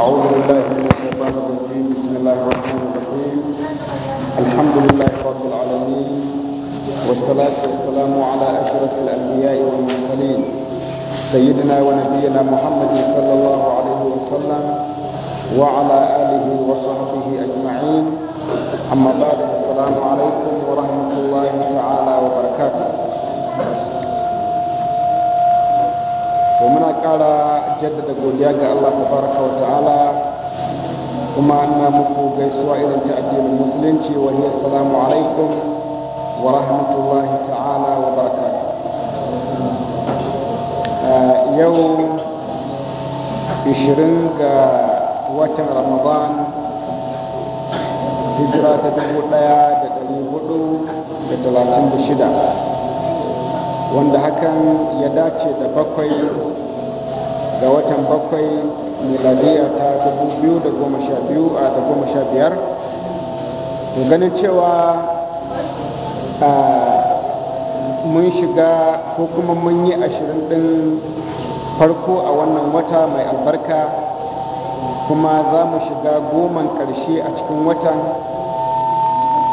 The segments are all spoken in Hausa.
أعوذ بالله من الشيطان الرجيم بسم الله الرحمن الرحيم الحمد لله رب العالمين والصلاة والسلام على أشرف الأنبياء والمرسلين سيدنا ونبينا محمد صلى الله عليه وسلم وعلى آله وصحبه أجمعين أما بعد السلام عليكم ورحمة الله تعالى وبركاته ومن قال jaddada godiya ga allah tabaraka wa ta'ala kuma na muku gaisuwa irin ta addinin musulunci wa hiya assalamu alaikum wa rahmatullahi ta'ala wa barakatuh eh, yau 20 ga watan ramadan hijira ta da da shida wanda hakan ya dace da bakwai ga watan bakwai miladiya ta biyu a da goma sha biyar to ganin cewa mun shiga ko kuma mun yi ashirin din farko a wannan wata mai albarka kuma za mu shiga goman karshe a cikin watan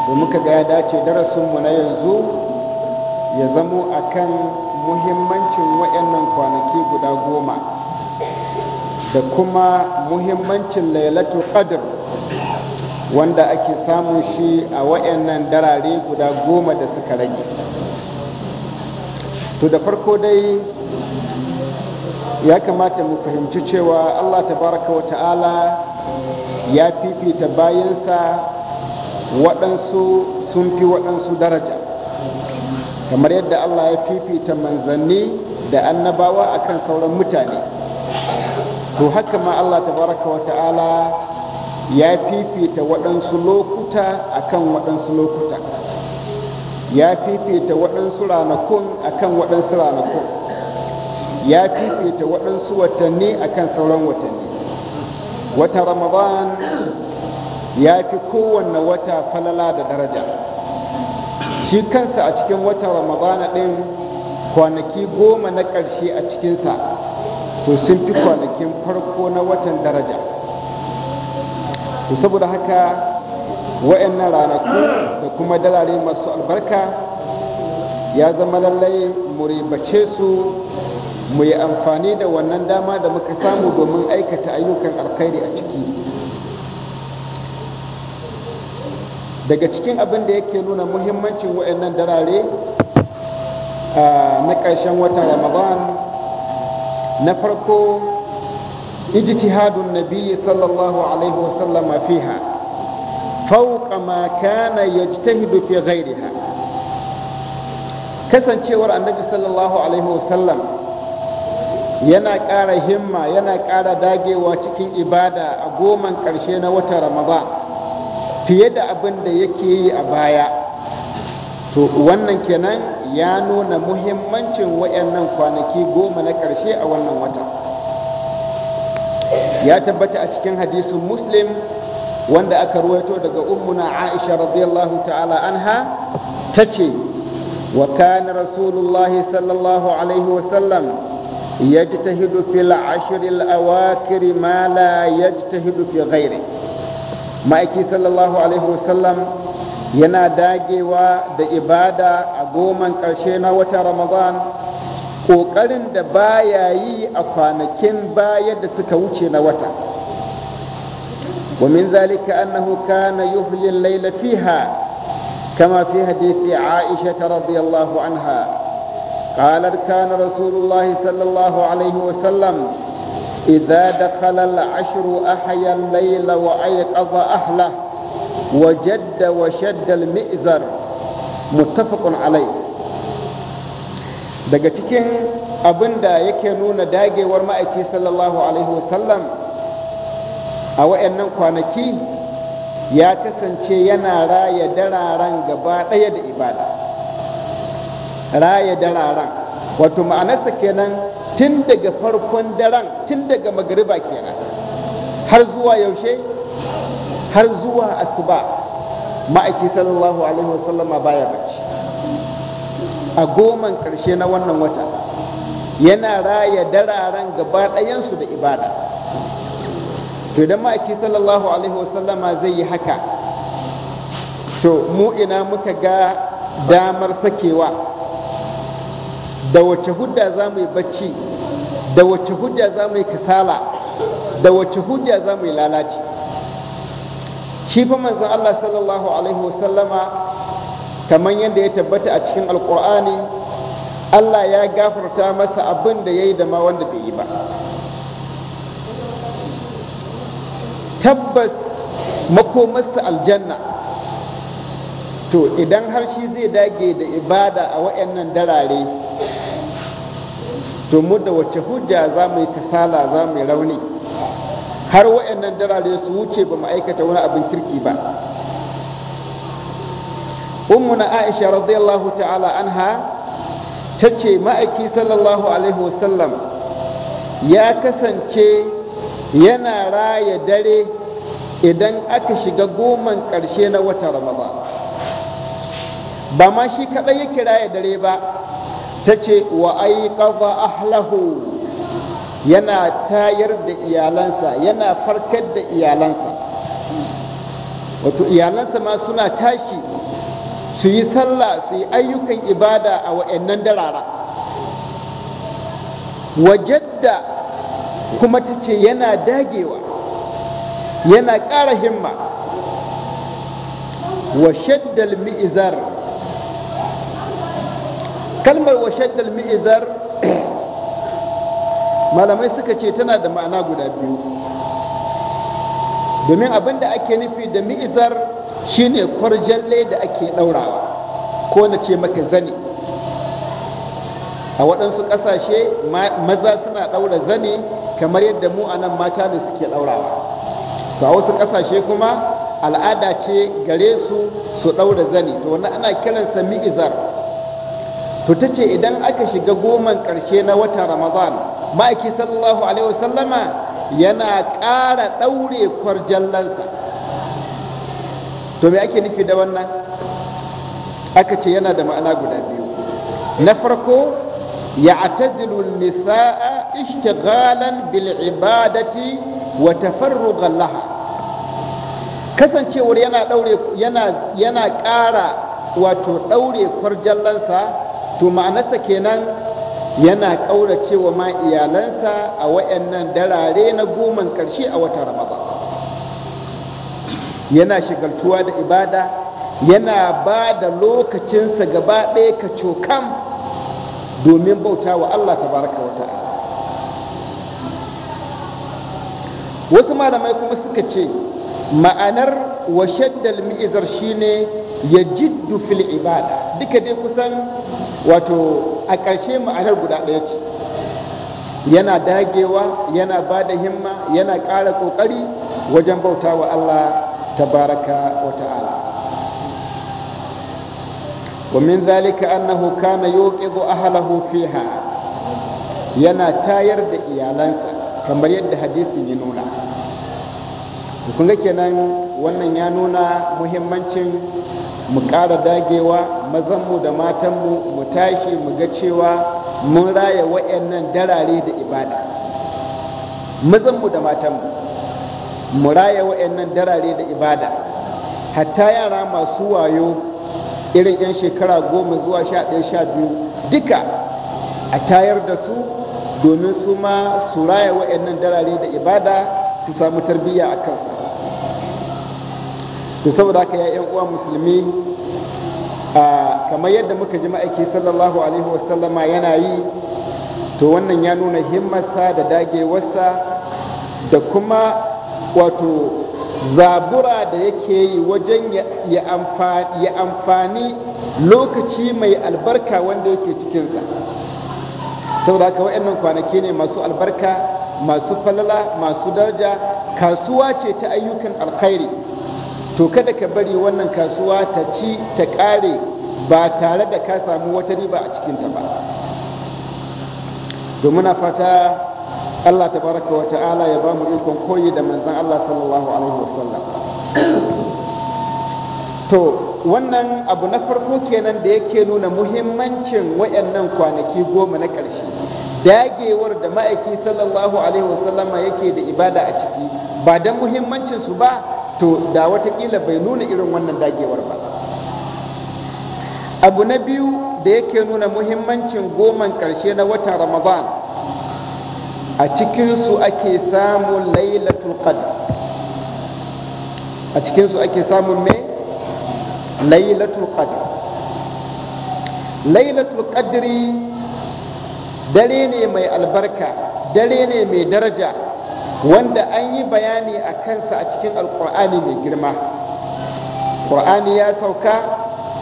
da muka ga ya dace darasinmu na yanzu ya zamo akan muhimmancin waɗannan kwanaki guda goma da kuma muhimmancin lailatul qadr wanda ake samun shi a wayannan darare guda goma da suka rage to da farko dai ya kamata mu fahimci cewa allah tabaraka wa ta'ala ya fifita bayansa waɗansu sun fi waɗansu daraja kamar yadda allah ya fifita manzanni da annabawa akan sauran mutane to haka ma allah tabaraka wa ta'ala ya fifita waɗansu lokuta akan waɗansu lokuta ya fifita waɗansu ranakun akan waɗansu ranakun ya fifita waɗansu watanni akan sauran watanni Wata ramadan ya fi kowanne wata falala da daraja shi kansa a cikin wata ramadana ɗin kwanaki goma na ƙarshe a cikinsa to sun fi kwanakin farko na watan daraja to saboda haka wa'annan ranaku da kuma dalare masu albarka ya zama lallai mu ribace su mu yi amfani da wannan dama da muka samu domin aikata ayyukan alkhairi a ciki daga cikin abin da yake nuna muhimmancin wa'annan darare ah, na ƙarshen watan ramadan na farko ijtihadun nabiyyi sallallahu alaihi wasallama fiha fauka ma kana yajtahidu fi ghayriha kasancewar annabi sallallahu alaihi wasallam yana ƙara himma yana ƙara dagewa cikin ibada a goman ƙarshe na wata ramadan fiye da abin da yake yi a baya to wannan kenan ya nuna muhimmancin wayannan kwanaki goma na ƙarshe a wannan watan. ya tabbata a cikin hadisin muslim wanda aka ruwaito daga ummuna aisha radiyallahu ta'ala anha ta ce wa kana rasulullahi sallallahu alaihi wasallam yajtahidu fil ashril awakir ma la ta yajtahidu fi ghairi ma'aiki sallallahu alaihi wasallam yana dagewa da ibada goman ƙarshe na wata ramadan ƙoƙarin da baya yi a kwanakin baya da suka wuce na wata ومن ذلك أنه كان يحيي الليل فيها كما في حديث عائشة رضي الله عنها قالت كان رسول الله صلى الله عليه وسلم إذا دخل العشر أحيا الليل وأيقظ أهله وجد وشد المئزر muttafaqun alai daga cikin abin da yake nuna dagewar ma'aiki sallallahu alaihi wasallam a wa'annan kwanaki ya kasance yana raya dararen gaba ɗaya da ibada raya dararen wato ma'anarsa kenan tun daga farkon daren tun daga magariba kenan har zuwa yaushe har zuwa asuba ma'aiki sallallahu alaihi wasallama baya bacci a goman karshe na wannan wata yana raya dararen gaba ɗayansu da ibada to idan ma'aiki sallallahu alaihi wasallama zai yi haka to mu ina muka ga damar sakewa da wace hudda za mu yi bacci da wace hujja za mu yi kasala da wace hujja za mu yi lalaci shi fa manzon Allah sallallahu alaihi wasallama kamar yadda ya tabbata a cikin alkur'ani Allah ya gafarta masa abin da ya yi da ma wanda bai yi ba tabbas makomarsa aljanna to idan har shi zai dage da ibada a waɗannan darare to mu da wacce hujja za mu yi kasala za mu yi rauni har waɗannan darare su wuce ba mu aikata wani abin kirki ba ummuna aisha radiyallahu ta'ala anha ta ce ma'aiki sallallahu alaihi wasallam ya kasance yana raya dare idan aka shiga goman ƙarshe na wata ramadan ba ma shi kaɗai yake raya dare ba ta ce wa aiƙaza ahlahu yana tayar da iyalansa yana farkar da iyalansa wato iyalansa ma suna tashi su yi sallah su yi ayyukan ibada a wa'annan darara wajadda kuma ta ce yana dagewa yana ƙara himma wa shaddal mi'izar kalmar wa shaddal mi'izar malamai suka ce tana da ma'ana guda biyu domin abin da ake nufi da mi'izar shine kwarjalle da ake ɗaurawa ko na ce maka zane a waɗansu ƙasashe maza suna ɗaura zane kamar yadda mu a nan mata ne suke ɗaurawa to a wasu ƙasashe kuma al'ada ce gare su su ɗaura zane to wannan ana kiransa mi'izar to ce idan aka shiga goman ƙarshe na watan ramadan ma'aiki sallallahu alaihi wasallama yana ƙara ɗaure kwarjallansa to me ake nufi da wannan aka ce yana da ma'ana guda biyu na farko ya atazilu nisa'a ishtighalan bil ibadati wa tafarrugan laha kasancewar yana ɗaure yana yana ƙara wato ɗaure kwarjallansa to ma'anarsa kenan yana ƙauracewa ma iyalansa a wayannan darare na goma ƙarshe a wata ramaba yana shigaltuwa da ibada yana ba da lokacinsa gaba ɗaya ka cokam domin bauta wa allah tabaraka wa ta'ala wasu malamai kuma suka ce ma'anar washaddal mi'izar shine ya jiddu fil ibada duka dai kusan wato a ƙarshe ma'anar guda ɗaya ce yana dagewa yana ba da himma yana ƙara ƙoƙari wajen bauta wa Allah tabaraka wa ta'ala ومن zalika annahu kana يوقظ أهله فيها yana tayar da iyalansa kamar yadda hadisin ya nuna kun ga kenan wannan ya nuna muhimmancin mu ƙara dagewa mazanmu da matanmu mu tashi mu ga cewa mun raya wa'annan darare da ibada mazanmu da matanmu mu raya wa'annan darare da ibada hatta yara masu wayo irin 'yan shekara goma zuwa sha ɗaya sha biyu duka a tayar da su domin su ma su raya wa'annan darare da ibada su samu tarbiyya a kansu. to saboda haka ya 'yan uwa musulmi kamar yadda muka ji ma'aiki sallallahu alaihi wasallama yana yi to wannan ya nuna himmarsa da dagewarsa da kuma wato zabura da yake yi wajen ya amfani lokaci mai albarka wanda yake cikinsa saboda haka waɗannan kwanaki ne masu albarka masu falala masu daraja kasuwa ce ta ayyukan alkhairi to kada ka bari wannan kasuwa ta ci ta kare, ba tare da ka samu wata riba a cikinta ba domin a fata allah Ta Baraka wa ta'ala ya ba mu ikon koyi da manzan allah sallallahu alaihi wasallam to wannan abu na farko kenan da yake nuna muhimmancin wayannan kwanaki goma na ƙarshe dagewar da ma'aiki sallallahu alaihi wasallama yake da ibada a ciki ba don muhimmancinsu ba to da watakila bai nuna irin wannan dagewar ba abu na biyu da yake nuna muhimmancin goman ƙarshe na watan ramadan a cikinsu ake samun lailatul qadr a cikinsu ake samun me lailatul qadr lailatul qadri dare ne mai albarka dare ne mai daraja wanda an yi bayani a kansa a cikin alkur'ani mai girma ƙur'ani ya sauka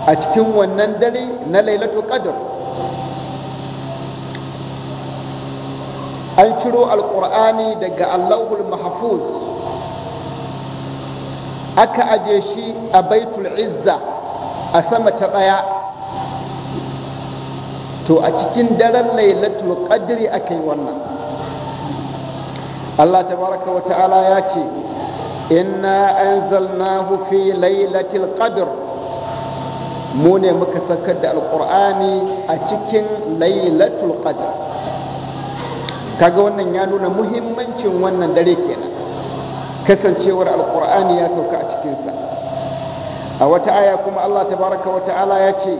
a cikin wannan dare na lailatul qadr an ciro alkur'ani daga allahul mahfuz aka aje shi a baitul izza a sama ta ɗaya to a cikin daren lailatul qadri aka yi wannan Allah tabaraka wa ta'ala ya ce inna anzalnahu fi lailatul qadr mu ne muka sakar da alqur'ani a cikin lailatul qadr kaga wannan ya nuna muhimmancin wannan dare kenan kasancewar alqur'ani ya sauka a cikinsa a wata aya kuma Allah tabaraka wa ta'ala ya ce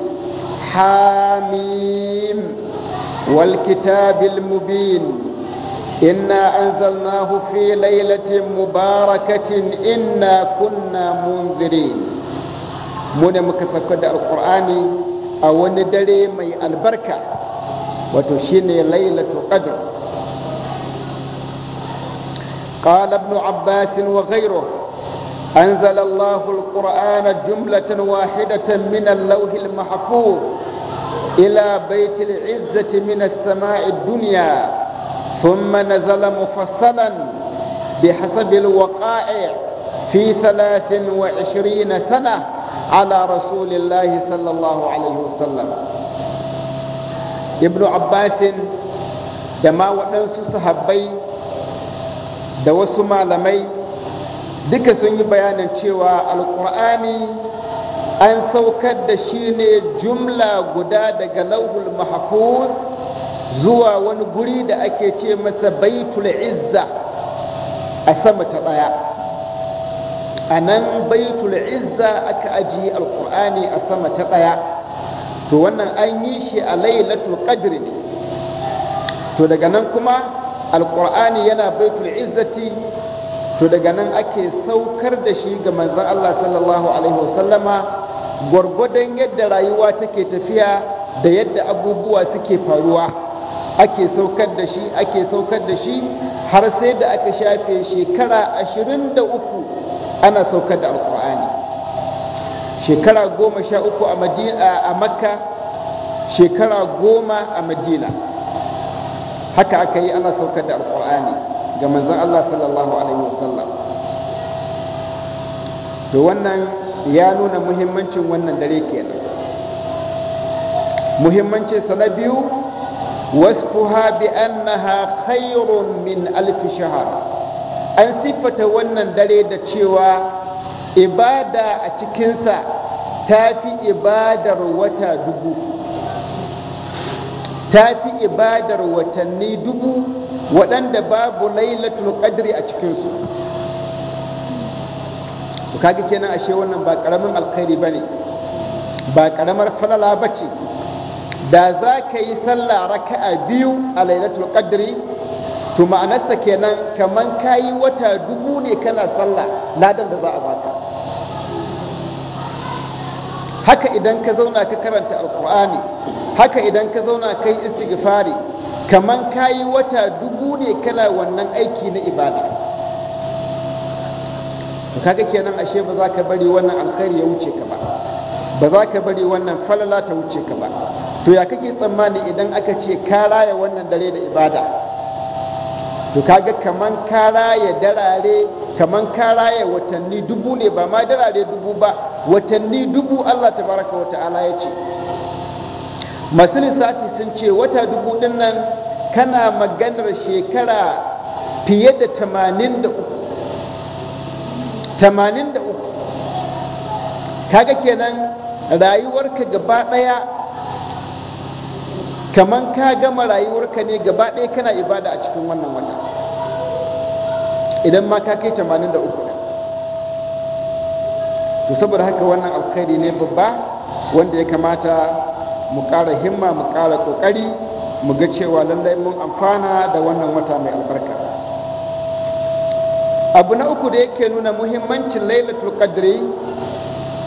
hamim wal kitabil mubin إنا أنزلناه في ليلة مباركة إنا كنا منذرين من مكسب القرآن أو ندري مي البركة وتشيني ليلة قدر قال ابن عباس وغيره أنزل الله القرآن جملة واحدة من اللوح المحفوظ إلى بيت العزة من السماء الدنيا ثم نزل مفصلا بحسب الوقائع في ثلاث وعشرين سنة على رسول الله صلى الله عليه وسلم ابن عباس دما waɗansu sahabai, da wasu malamai duka sun yi bayanin cewa alkur'ani an saukar da shi ne jumla guda daga lauhul mahfuz zuwa wani guri da ake ce masa baitul izza a sama ta ɗaya a nan baitul izza aka ajiye alkur'ani a sama ta ɗaya to wannan an yi shi a lailatul qadr ne to daga nan kuma alkur'ani yana baitul izzati to daga nan ake saukar da shi ga manzon Allah sallallahu alaihi wasallama gwargwadon yadda rayuwa take tafiya da yadda abubuwa suke faruwa ake saukar da shi ake saukar da shi har sai da aka shafe shekara ashirin da uku ana saukar da alkur'ani shekara goma sha uku a makka shekara goma a madina haka aka yi ana saukar da alkur'ani ga manzan allah sallallahu alaihi wasallam to wannan ya nuna muhimmancin wannan dare kenan muhimmancin sa na biyu wasfuha bi annaha khairun min alf shahar an siffata wannan dare da cewa ibada a cikinsa ta fi ibadar wata dubu ta fi ibadar watanni dubu waɗanda babu lailatul qadri a cikinsu kaga kenan ashe wannan ba ƙaramin alkhairi ba ne ba ƙaramar falala ba ce da za ka yi sallah raka'a biyu a lailatul qadri to ma'anarsa kenan kaman ka yi wata dubu ne kana sallah ladan da za a baka haka idan ka zauna ka karanta alkur'ani haka idan ka zauna ka yi istighfari kaman ka yi wata dubu ne kana wannan aiki na ibada To kaga kenan ashe ba za ka bari wannan alkhairi ya wuce ka ba ba za ka bari wannan falala ta wuce ka ba to ya kake tsammani idan aka ce ka raya wannan dare da ibada to kaga kaman ka raya darare kaman ka raya watanni dubu ne ba ma darare dubu ba watanni dubu Allah tabaraka wa ta'ala ya ce masu lissafi sun ce wata dubu din nan kana maganar shekara fiye da tamanin da uku tamanin da uku kaga kenan rayuwarka gaba ɗaya kamar ka gama rayuwarka ne gaba ɗaya kana ibada a cikin wannan wata idan ma ka kai 83 to saboda haka wannan alkhairi ne babba wanda ya kamata mu ƙara himma mu ƙara ƙoƙari mu ga cewa lallai mun amfana da wannan wata mai albarka abu na uku da yake nuna muhimmancin lailatul qadri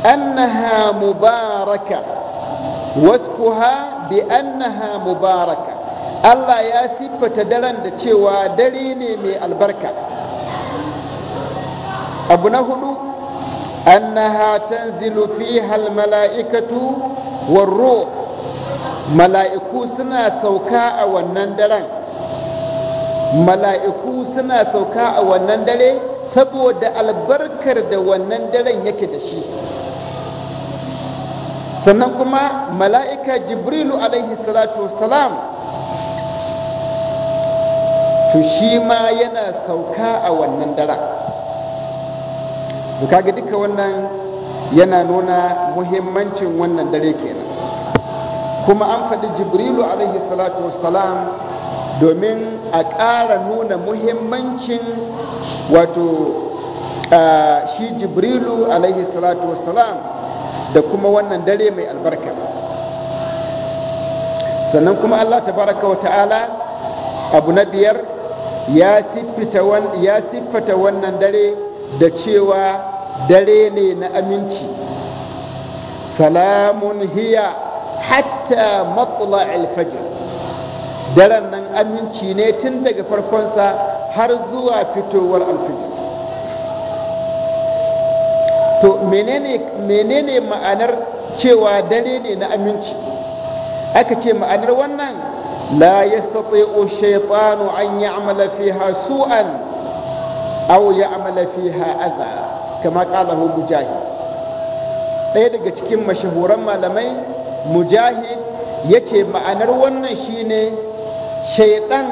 annaha mubaraka wasfuha bi annaha mubaraka Allah ya siffata daren da cewa dare ne mai albarka abu na hudu annaha tanzilu fiha almala'ikatu warro mala'iku suna sauka a wannan daren mala'iku suna sauka a wannan dare saboda albarkar da wannan daren yake da shi sannan kuma mala'ika jibrilu alaihi salatu salam to shi ma yana sauka a wannan dara. to kaga duka wannan yana nuna muhimmancin wannan dare kenan kuma an faɗi jibrilu alaihi salatu salam domin a ƙara nuna muhimmancin wato ah, shi jibrilu alaihi salatu salam. da kuma wannan dare mai albarka sannan kuma allah tabaraka wa ta'ala abu na biyar ya siffata wannan dare da cewa dare ne na aminci salamun hiya hatta matsala alfajir daren nan aminci ne tun daga farkonsa har zuwa fitowar alfajir menene ma'anar cewa dare ne na aminci aka ce ma'anar wannan la yastati'u shaytanu an fi ha su'an aw fi ha aza, kama kala hu mujahid ɗaya daga cikin mashahuran malamai mujahid yace ma'anar wannan shine shaiɗan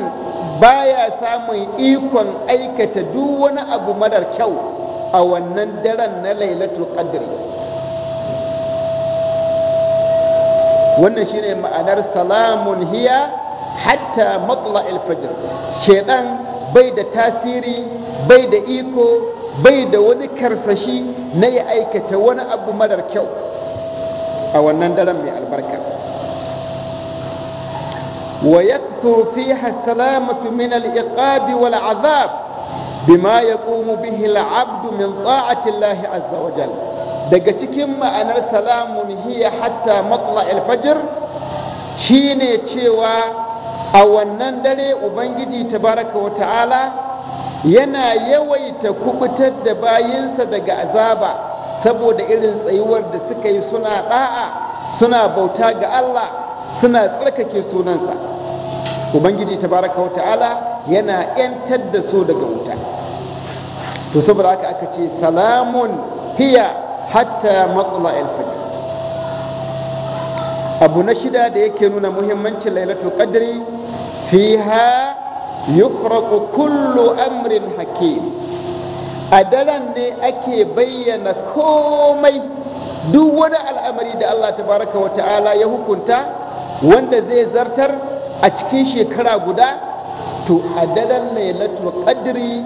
baya samun ikon aikata duk wani abu marar kyau a wannan daren na lailatul qadri wannan shine ma'anar salamun hiya hatta matla alfajr shedan bai da tasiri bai da iko bai da wani karsashi na ya aikata wani abu marar kyau a wannan daren mai albarka wa yakthuru fiha salamatu min al-iqabi wal azab bima yaqumu bihi bihila, abdu min ta'ati Allah azza wa daga cikin ma'anar salamun hiya hatta matla'il fajr shine cewa a wannan dare ubangiji tabaraka wa ta'ala yana yawaita kubutar da bayansa daga azaba saboda irin tsayuwar da suka yi suna ɗa'a, suna bauta ga Allah suna tsarkake sunansa ubangiji tabaraka wa ta'ala yana 'yantar da su daga wuta to saboda haka aka ce salamun hiya hatta matsala alfajr abu na shida da yake nuna muhimmancin lailatul qadri fiha yukraku kullu amrin hakim a daren ne ake bayyana komai duk wani al'amari da Allah tabaraka wa ta'ala ya hukunta wanda zai zartar a cikin shekara guda to a daren lailatul qadri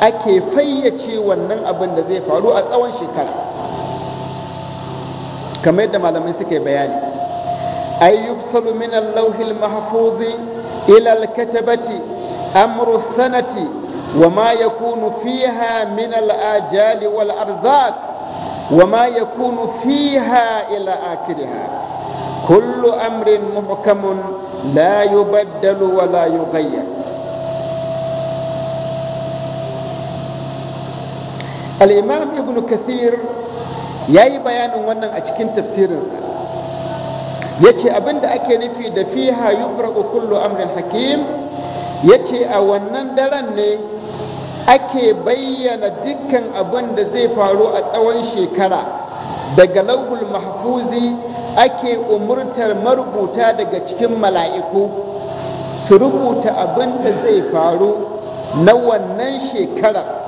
ake fayyace wannan abin da zai faru a tsawon shekara kamar yadda malamai suka yi bayani ayyub yubsalu min al-lawhi katabati amru sanati wa ma yakunu fiha min al-ajali wal arzaq wa ma yakunu fiha ila akhiriha kullu amrin muhkamun la yubaddalu wa la yughayyar al'imam ibn kathir ya yi bayanin wannan a cikin tafsirinsa ya ce abinda ake nufi da fiha yufraku kullu amrin hakim ya ce a wannan daren ne ake bayyana dukkan abin da zai faru a tsawon shekara daga laugul mahfuzi ake umurtar marubuta daga cikin mala'iku su rubuta abin da zai faru na wannan shekarar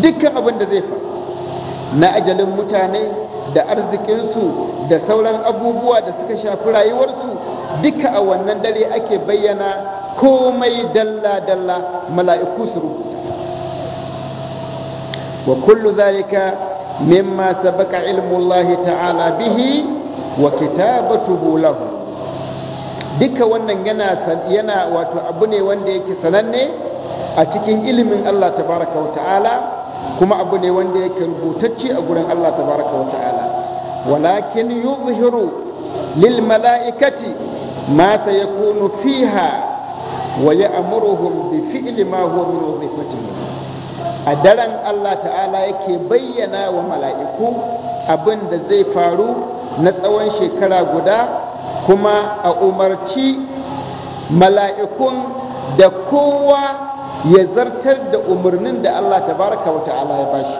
dukkan abin da zai faru na ajalin mutane da arzikinsu da sauran abubuwa da suka shafi rayuwarsu duka a wannan dare ake bayyana komai dalla-dalla mala'iku su rubuta wa kullu zalika mimma sabaka ilmullahi ta'ala bihi wa kitabatuhu lahu duka wannan yana wato abu ne wanda yake sananne a cikin ilimin Allah tabaraka wa ta'ala kuma abu ne wanda yake rubutacce a gurin Allah tabaraka wa ta'ala walakin yuzhiru lil mala'ikati ma sayakunu fiha wa ya'muruhum bi fi'li ma huwa min wazifatihim a daren Allah ta'ala yake bayyana wa mala'iku abin da zai faru na tsawon shekara guda kuma a umarci mala'ikun da kowa ya zartar da umarnin da Allah tabaraka wa ta'ala ya bashi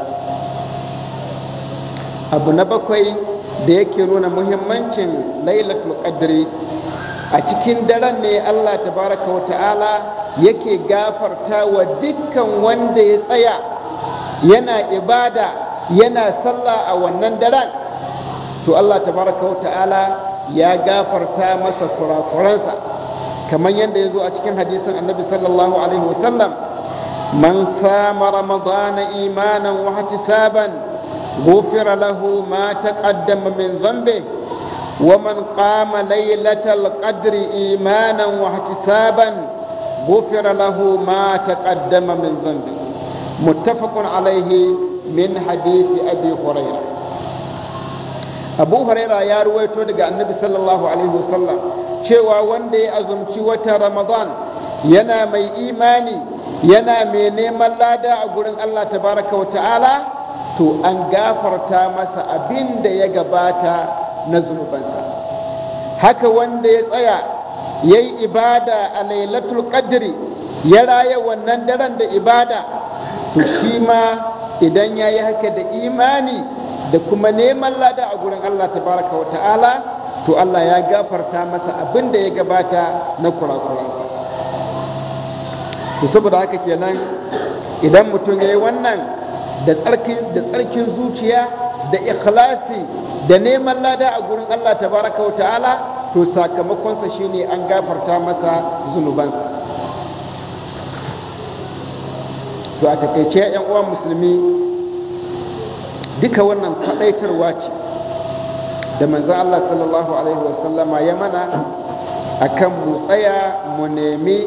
abu na bakwai da yake nuna muhimmancin lailatul qadri a cikin daren ne Allah tabaraka wa ta'ala yake gafarta wa dukkan wanda ya tsaya yana ibada yana sallah a wannan daren to Allah tabaraka wa ta'ala ya gafarta masa kurakuransa kamar yadda ya zo a cikin hadisin annabi sallallahu alaihi wasallam man sama ramadana imanan wa ihtisaban ghufira wa man qama laylatal qadri imanan wa ihtisaban ghufira lahu ma taqaddama min dhanbi muttafaqun alaihi min hadisi abi ya ruwaito daga annabi sallallahu alaihi wasallam cewa wanda ya azumci wata ramadan yana mai imani yana mai neman lada a gurin allah tabaraka wa ta'ala to an gafarta masa abin da ya gabata na zunubansa haka wanda ya tsaya ya yi ibada a lailatul qadri ya raya wannan daren da ibada to shi ma idan ya yi haka da imani da kuma neman lada a gurin allah tabaraka wa ta'ala to Allah ya gafarta masa abin da ya gabata na kurakuransa to saboda haka kenan idan mutum ya yi wannan da tsarkin zuciya da ikhlasi da neman lada a gurin Allah tabaraka wa ta'ala to sakamakonsa shine an gafarta masa zunubansa to a takaice 'yan uwan musulmi duka wannan kwadaitarwa ce da manzan Allah sallallahu alaihi wasallama ya mana akan mu tsaya mu nemi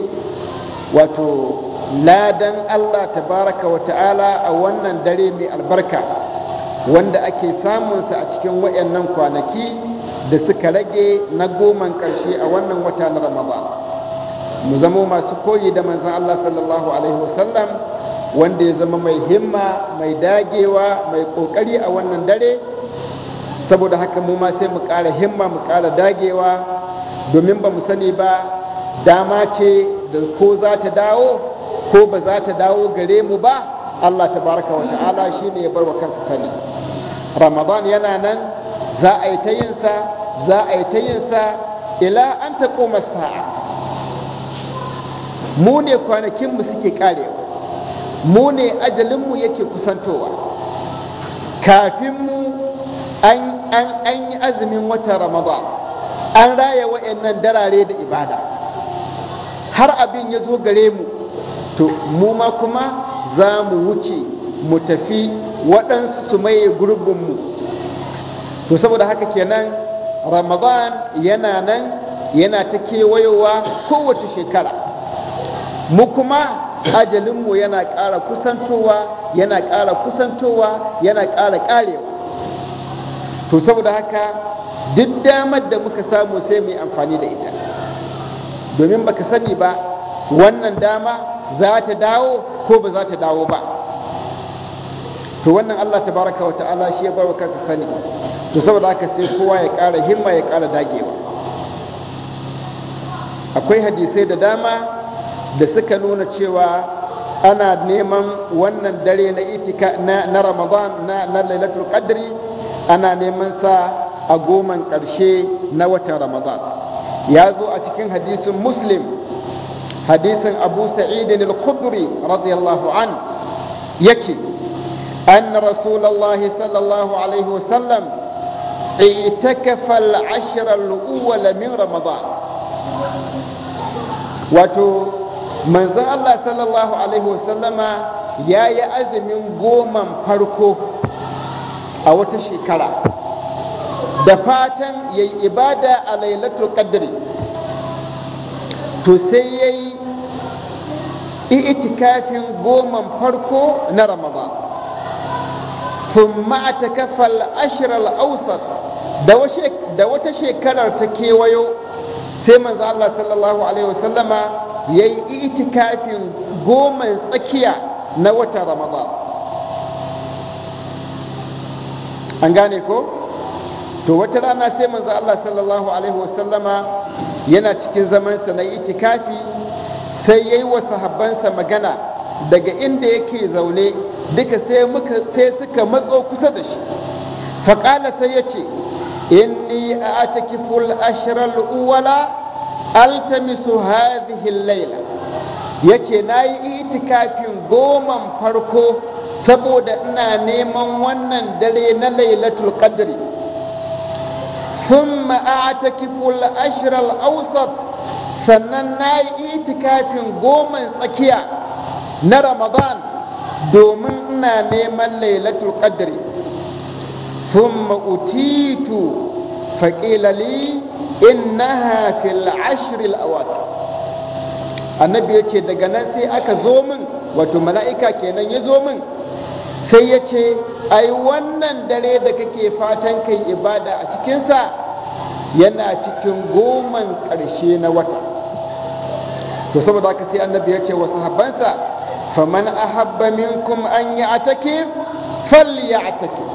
wato ladan Allah tabaraka wa ta'ala a wannan dare mai albarka wanda ake samunsa a cikin wayannan kwanaki da suka rage na goman ƙarshe a wannan wata na ramadan mu zama masu koyi da manzan Allah sallallahu alaihi wasallam wanda ya zama mai himma mai dagewa mai ƙoƙari a wannan dare saboda haka mu ma sai mu ƙara himma mu ƙara dagewa domin ba mu sani ba dama ce da ko za ta dawo ko ba za ta dawo gare mu ba allah tabaraka wa ta'ala shi ne ya bar kansa sani ramadan yana nan za a yi ta yinsa za a yi ta yinsa ila an ta koma sa'a mu ne kwanakinmu suke karewa mu ne ajalinmu yake kusantowa kafin mu an an yi azumin watan ramadan an raya wa'annan darare da ibada har abin ya zo gare mu to mu ma kuma za mu wuce mu tafi waɗansu su maye gurbinmu to saboda haka kenan ramadan yana nan yana ta kewayowa kowace shekara mu kuma ajalinmu yana ƙara kusantowa yana ƙara kusantowa yana ƙara ƙarewa to saboda haka duk damar da muka samu sai mu yi amfani da ita domin baka sani ba wannan dama za ta dawo ko ba za ta dawo ba to wannan Allah baraka wa ta'ala shi ya bawa kansa sani to saboda haka sai kowa ya ƙara himma ya ƙara dagewa akwai hadisai da dama da suka nuna cewa ana neman wannan dare na itika na, na ramadan na, na lailatul ana neman sa a goman ƙarshe na watan ramadan ya zo a cikin hadisin muslim hadisin abu sa'idin al-khudri radiyallahu an yake an rasulullah sallallahu alaihi wasallam itakafa al-ashra al-awwal min ramadan wato manzon Allah sallallahu alaihi wasallama ya yi azumin goman farko a wata shekara da fatan ya yi ibada a lailatul qadri to sai ya yi itikafin goman farko na ramadan thumma atakafa al-ashr al da wata shekarar ta kewayo sai manzo Allah sallallahu alaihi wasallama yayi itikafin goman tsakiya na wata ramadan an gane ko to wata rana sai manzo Allah sallallahu alaihi wasallama yana cikin zamansa na itikafi sai yayi wa sahabbansa magana daga inda yake zaune duka sai muka sai suka matso kusa da shi faƙala sai ya ce inni atakiful al uwala altamisu hadhihi al Layla, yace nayi itikafin goman farko saboda ina neman wannan dare na lailatul qadri thumma a'takifu al-ashr al-awsat sannan nayi itikafin goman tsakiya na ramadan domin ina neman lailatul qadri thumma utitu faqila li innaha fil ashr al-awaqit annabi yace daga nan sai aka zo min wato mala'ika kenan ya zo min sai ya ce ai wannan dare da kake fatan kai ibada a cikinsa yana cikin goman ƙarshe na wata to saboda haka sai annabi ya ce wa sahabbansa faman ahabba minkum an ya'takif falya'takif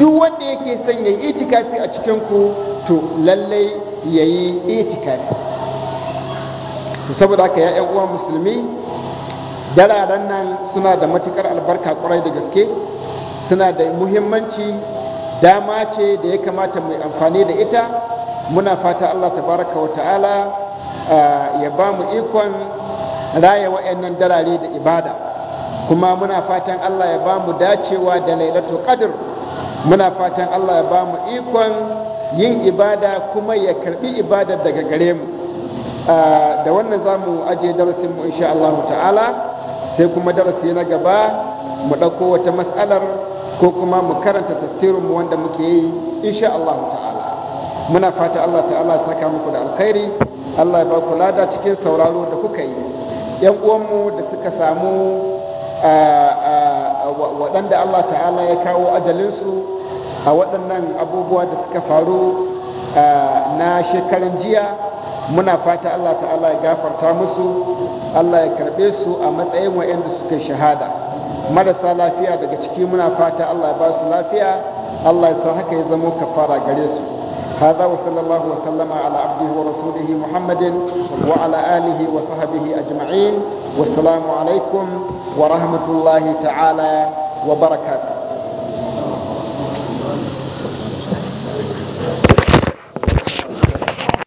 duk wanda yake son yayi itikafi a cikinku, ku to lallai yayi itikafi to saboda haka ya ƴan uwa musulmi dararen nan suna da matukar albarka kwarai da gaske suna da muhimmanci dama ce da ya kamata mai amfani da ita muna fata allah tabaraka wa ta'ala ya ba mu ikon raya wa'annan darare da ibada kuma muna fatan allah ya ba mu dacewa da lailatul qadr muna fatan allah ya ba mu ikon yin ibada kuma ya karbi ibada daga gare mu da wannan za mu ajiye darasinmu insha allahu ta'ala sai kuma darasi na gaba mu ɗauko wata matsalar ko kuma mu karanta tafsirinmu wanda muke yi insha Allah ta'ala muna fata Allah ta'ala saka muku da alkhairi Allah ya ba ku lada cikin sauraro da kuka yi yan uwanmu da suka samu waɗanda Allah ta'ala ya kawo ajalinsu a waɗannan abubuwa da suka faru na shekarun jiya muna fata allah ta'ala ya gafarta musu allah ya karbe su a matsayin wa'anda suka shahada marasa lafiya daga ciki muna fata allah ya ba su lafiya allah ya sa haka ya zamo kafara gare su هذا وصلى الله وسلم على عبده ورسوله wa وعلى آله وصحبه أجمعين والسلام عليكم ورحمة الله تعالى وبركاته